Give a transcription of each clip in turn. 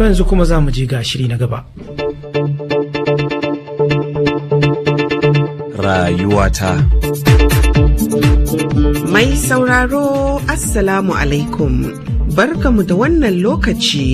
to yanzu kuma za mu je ga shiri na gaba rayuwata mai sauraro assalamu alaikum barkamu da wannan lokaci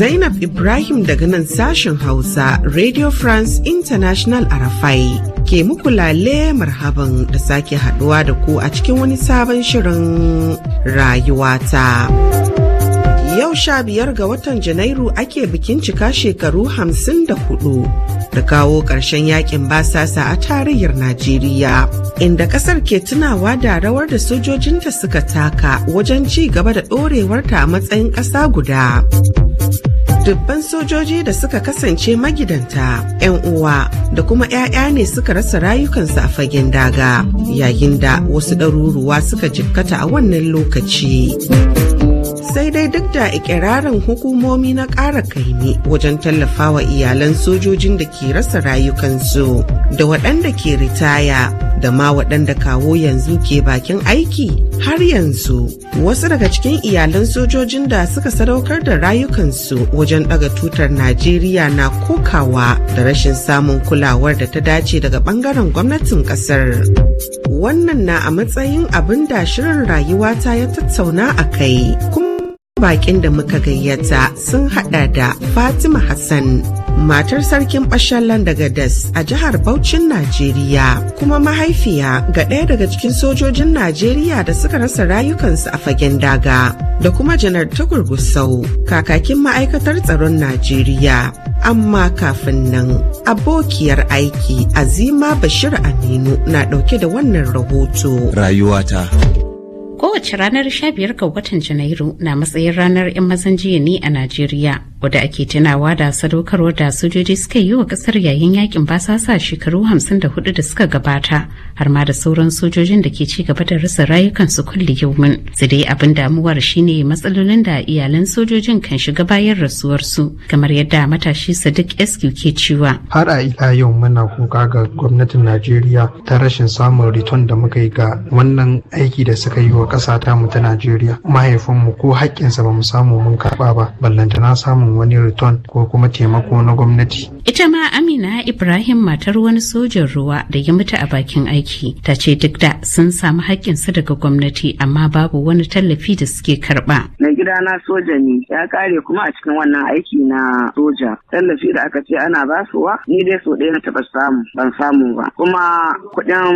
zainab ibrahim daga nan sashen hausa radio france international arafai ke muku lale marhaban da sake haduwa da ku a cikin wani sabon shirin rayuwata. Yau sha biyar ga watan Janairu ake bikin cika shekaru hamsin da hudu da kawo ƙarshen yakin basasa a tarihin Najeriya, inda ƙasar ke tunawa da rawar da sojojinta suka taka wajen ci gaba da ɗorewarta a matsayin ƙasa guda. dubban sojoji da suka kasance magidanta 'yan uwa da kuma 'ya'ya ne suka rasa rayukansu a fagen daga yayin da wasu ɗaruruwa suka jikkata a wannan lokaci. sai dai duk da ikirarin hukumomi na ƙara kaimi wajen tallafawa iyalan sojojin da ke rasa rayukansu da waɗanda ke ritaya da ma waɗanda kawo yanzu ke bakin aiki Har yanzu wasu daga cikin iyalan sojojin da suka sadaukar da rayukansu wajen daga tutar Najeriya na kokawa da rashin samun kulawar da ta dace daga bangaren gwamnatin kasar. Wannan na a matsayin abin da shirin rayuwa ta ya tattauna a kai. Kuma bakin da muka gayyata sun hada da Fatima Hassan. matar sarkin Bashallan daga Das a jihar Bauchin Najeriya kuma mahaifiya ga ɗaya daga cikin sojojin Najeriya da suka rasa rayukansu a fagen daga da kuma janar Tagurgusau kakakin ma'aikatar tsaron Najeriya. Amma kafin nan abokiyar aiki Azima Bashir Aminu na ɗauke da wannan rahoto. Rayuwata. Kowace ranar 15 ga watan Janairu na matsayin ranar 'yan mazan jiya ne a Najeriya. wadda ake tunawa da sadaukarwar da sojoji suka yi wa kasar yayin yakin basasa shekaru hamsin da hudu da suka gabata har ma da sauran sojojin da ke ci gaba da rasa rayukansu kulle mun su dai abin damuwar shine matsalolin da iyalan sojojin kan shiga bayan rasuwarsu kamar yadda matashi sadiq sq ke cewa har a ila yau muna kuka ga gwamnatin najeriya ta rashin samun riton da muka yi ga wannan aiki da suka yi wa kasa ta mu ta najeriya mahaifinmu ko haƙƙinsa ba mu samu mun karɓa ba ballantana samun wani return ko kuma taimako na gwamnati Ita ma Amina Ibrahim matar wani sojan ruwa da ya mutu a bakin aiki ta ce duk da sun samu haƙƙinsu daga gwamnati amma babu wani tallafi da suke karɓa. Mai gida na soja ne ya kare kuma a cikin wannan aiki na soja. Tallafi da aka ce ana ba su wa? ni dai so ɗaya na taɓa samu ban samu ba. Kuma kuɗin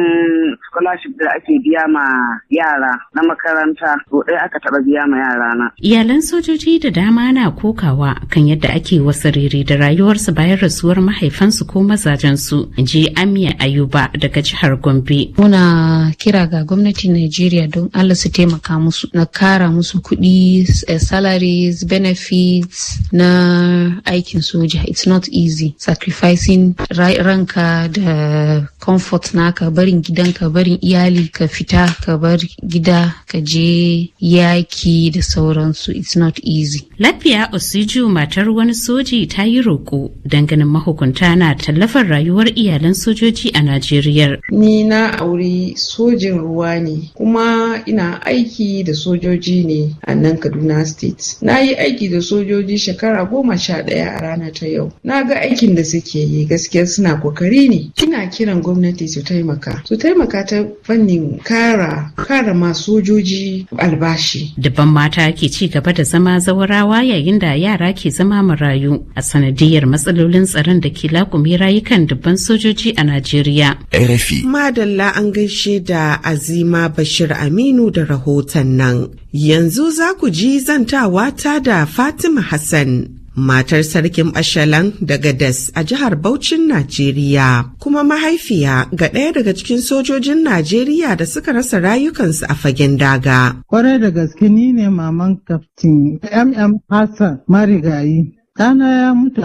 scholarship da ake biya ma yara na makaranta so ɗaya aka taɓa biya ma yara na. Iyalan sojoji da dama na kokawa kan yadda ake wasu rere da rayuwarsu bayan rasuwar mahaifansu ko mazajensu ji amiya ayuba daga jihar gombe muna kira ga gwamnatin najeriya don allah su taimaka musu na kara musu kuɗi eh, salaries benefits na aikin soja it's not easy sacrificing ranka da comfort naka barin gidanka barin iyali ka fita ka bar gida ka je yaki da sauransu it's not easy lafiya osiju matar wani soji ta yi roƙo dangane mahukunta na tallafar rayuwar iyalan sojoji a Najeriya. Ni na auri sojin ruwa ne kuma ina aiki da sojoji ne a nan Kaduna State. Na yi aiki da sojoji shekara goma sha ɗaya a rana ta yau. Na ga aikin da suke yi gaskiya suna kokari ne. Ina kiran gwamnati su taimaka. Su taimaka ta fannin kara kara ma sojoji albashi. Dabban mata ke ci gaba da zama zawarawa yayin da yara ke zama marayu a sanadiyar matsalolin tsaron da ke lakumi rayukan dubban sojoji a Najeriya. RFI. Madalla an gaishe da Azima Bashir Aminu da rahoton nan. Yanzu za ku ji zantawa ta da Fatima Hassan. matar sarkin Ashalan daga Das a jihar Bauchin Najeriya, kuma mahaifiya ga ɗaya daga cikin sojojin Najeriya da suka rasa rayukansu a fagen daga. Kwarai da gaske ni ne maman kaftin MM Hassan Marigayi ɗana ya mutu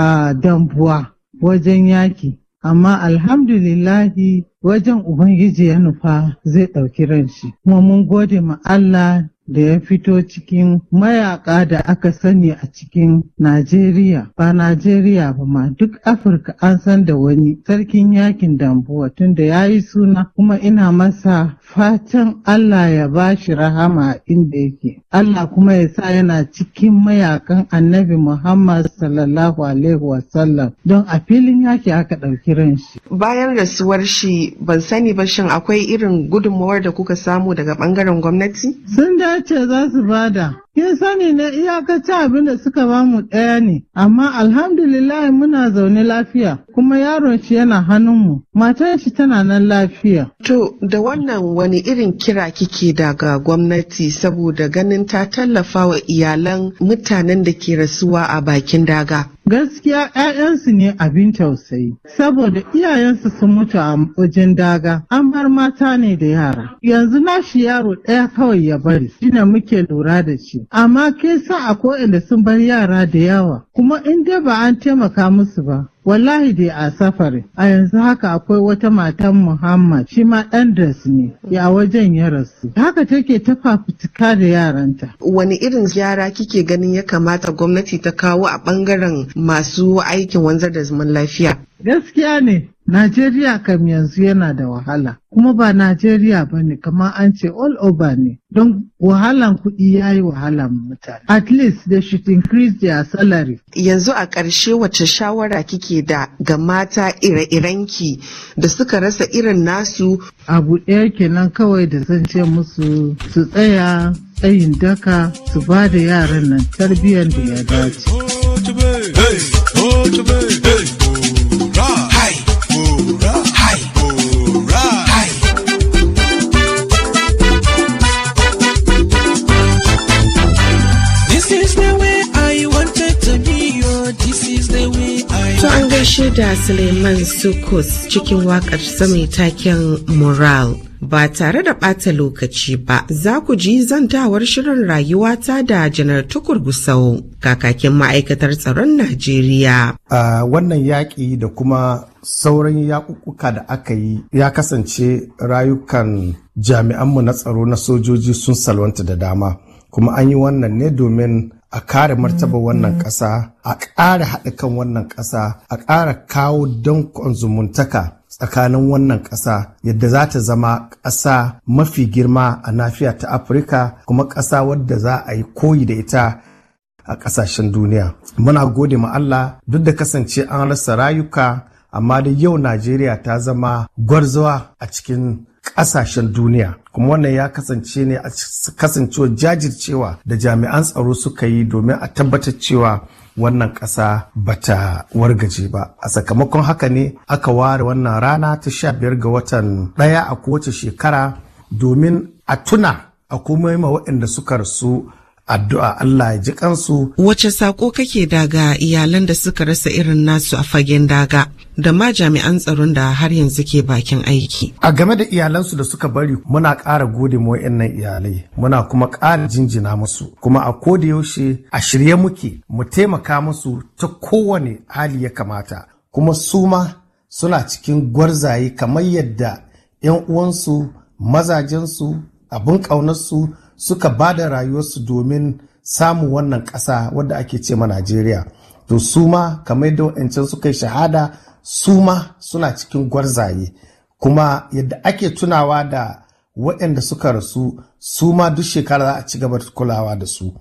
a dambuwa wajen yaki amma alhamdulillahi wajen ubangiji ya nufa zai ɗauki ranshi kuma mun gode ma Allah da ya fito cikin mayaka da aka sani a cikin Najeriya ba Najeriya ba ma duk Afirka an san da wani sarkin yakin dambuwa tunda ya yi suna kuma ina masa fatan Allah ya ba shi rahama inda yake Allah kuma ya sa yana cikin mayakan annabi Muhammad sallallahu alaihi wasallam don a filin yaki aka ɗauki ran shi. Bayan rasuwar shi ban sani ba shin akwai irin gudunmawar da kuka samu daga ɓangaren gwamnati? Sun ce za su bada. Kin sani na iyakaci abin da suka bamu ɗaya ne, amma alhamdulillah muna zaune lafiya, kuma yaron shi yana hannunmu, matan shi tana nan lafiya. To, da wannan wani irin kira kike daga gwamnati saboda ganin ta tallafa wa iyalan mutanen da ke rasuwa a bakin daga. gaskiya 'ya'yansu ne abin tausayi saboda iyayensu sun mutu a wajen daga an bar mata ne da yara yanzu nashi yaro ɗaya kawai ya bari shi muke lura da shi amma kin sa akwai sun bar yara da yawa kuma in dai ba an taimaka musu ba wallahi dai a safari a yanzu haka akwai wata matan muhammad shi ma dan das ne ya wajen ya rasu haka take ta fafutuka da yaranta wani irin gyara kike ganin ya kamata gwamnati ta kawo a ɓangaren masu aikin wanzar da zaman lafiya gaskiya ne Najeriya kam yanzu yana da wahala, kuma ba Najeriya ba ne, kamar an ce all over ne, don wahalan kuɗi ya yi wahalan mutane. At least they should increase their salary. Yanzu a ƙarshe wace shawara kike kake da ga mata ire-irenki da suka rasa irin nasu? Abu ɗaya kenan kawai da zan ce musu su tsaya tsayin daka su ba da yaran nan tarbiyyar da ya dace. da Suleiman Sukus cikin wakar mai taken Moral. Ba tare da ɓata lokaci ba, za ku ji zantawar shirin rayuwata da janar tukur gusau kakakin ma'aikatar tsaron Najeriya. Uh, wannan yaƙi da kuma sauran yaƙuƙuka da aka yi ya kasance rayukan jami'anmu na tsaro na sojoji sun salwanta da dama. Kuma an yi wannan ne domin a kare martaba wannan ƙasa a ƙara haɗa kan wannan ƙasa a ƙara kawo dankon zumuntaka tsakanin wannan ƙasa yadda za ta zama ƙasa mafi girma a nafiya ta afirka kuma ƙasa wadda za a yi koyi da ita a ƙasashen duniya muna gode ma Allah duk da kasance an rasa rayuka amma da yau najeriya ta zama gwarzawa a cikin ƙasashen duniya kuma wannan ya kasance ne a kasancewa jajircewa da jami'an tsaro suka yi domin a tabbatar cewa wannan ƙasa bata wargaje ba a sakamakon haka ne aka ware wannan rana ta sha biyar ga watan ɗaya a kowace shekara domin a tuna a kuma yi ma waɗanda suka rasu addu'a Allah ya ji kansu. Wace saƙo kake daga iyalan da suka rasa irin nasu a fagen daga da ma jami'an tsaron da har yanzu ke bakin aiki. A game da iyalansu da suka bari muna ƙara gode mu nan iyalai muna kuma ƙara jinjina musu kuma a koda yaushe a shirye muke mu taimaka musu ta kowane hali ya kamata kuma su ma suna cikin gwarzaye kamar yadda 'yan uwansu mazajensu abin ƙaunarsu suka ba da rayuwarsu domin samun wannan ƙasa wadda ake ce ma Najeriya. To su ma kamar yadda wa'ancan suka yi shahada su ma suna cikin gwarzaye. Kuma yadda ake tunawa da waɗanda suka rasu su ma duk shekara za a ci gaba kulawa da su.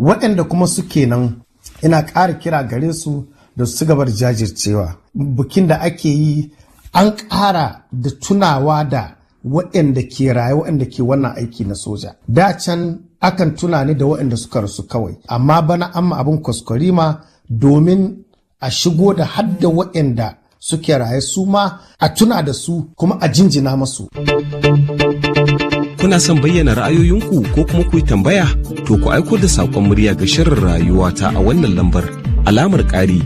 Waɗanda kuma suke nan ina ƙara kira gare su da su gabar jajircewa. Bukin da ake yi an ƙara da tunawa da waɗanda ke raye waɗanda ke wannan aiki na soja da can akan tuna ni da waɗanda suka rasu kawai amma bana an ma abin ma domin a shigo da hadda waɗanda suke raye su ma a tuna da su kuma a jinjina masu. Kuna son bayyana ra'ayoyinku ko kuma ku yi tambaya to ku aiko da saƙon murya ga shirin rayuwa ta a wannan lambar alamar ƙari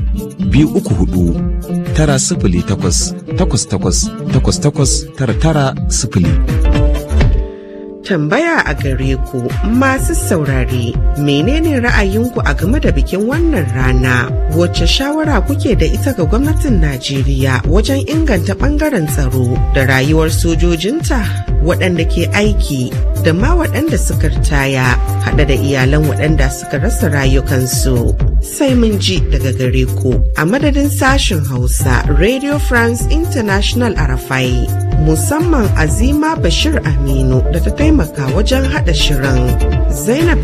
biyu uku hudu tara sifili takwas takwas takwas takwas takwas tara tara sifili. tambaya a gare ku masu saurare menene ra'ayinku a game da bikin wannan rana wacce shawara kuke da ita ga gwamnatin najeriya wajen inganta bangaren tsaro da rayuwar sojojinta waɗanda ke aiki da ma waɗanda suka ritaya haɗe da iyalan waɗanda suka rasa rayukansu sai mun ji daga gare ku a madadin sashen hausa radio france international arafai musamman Azima Bashir Aminu da ta taimaka wajen hada shirin. Zainab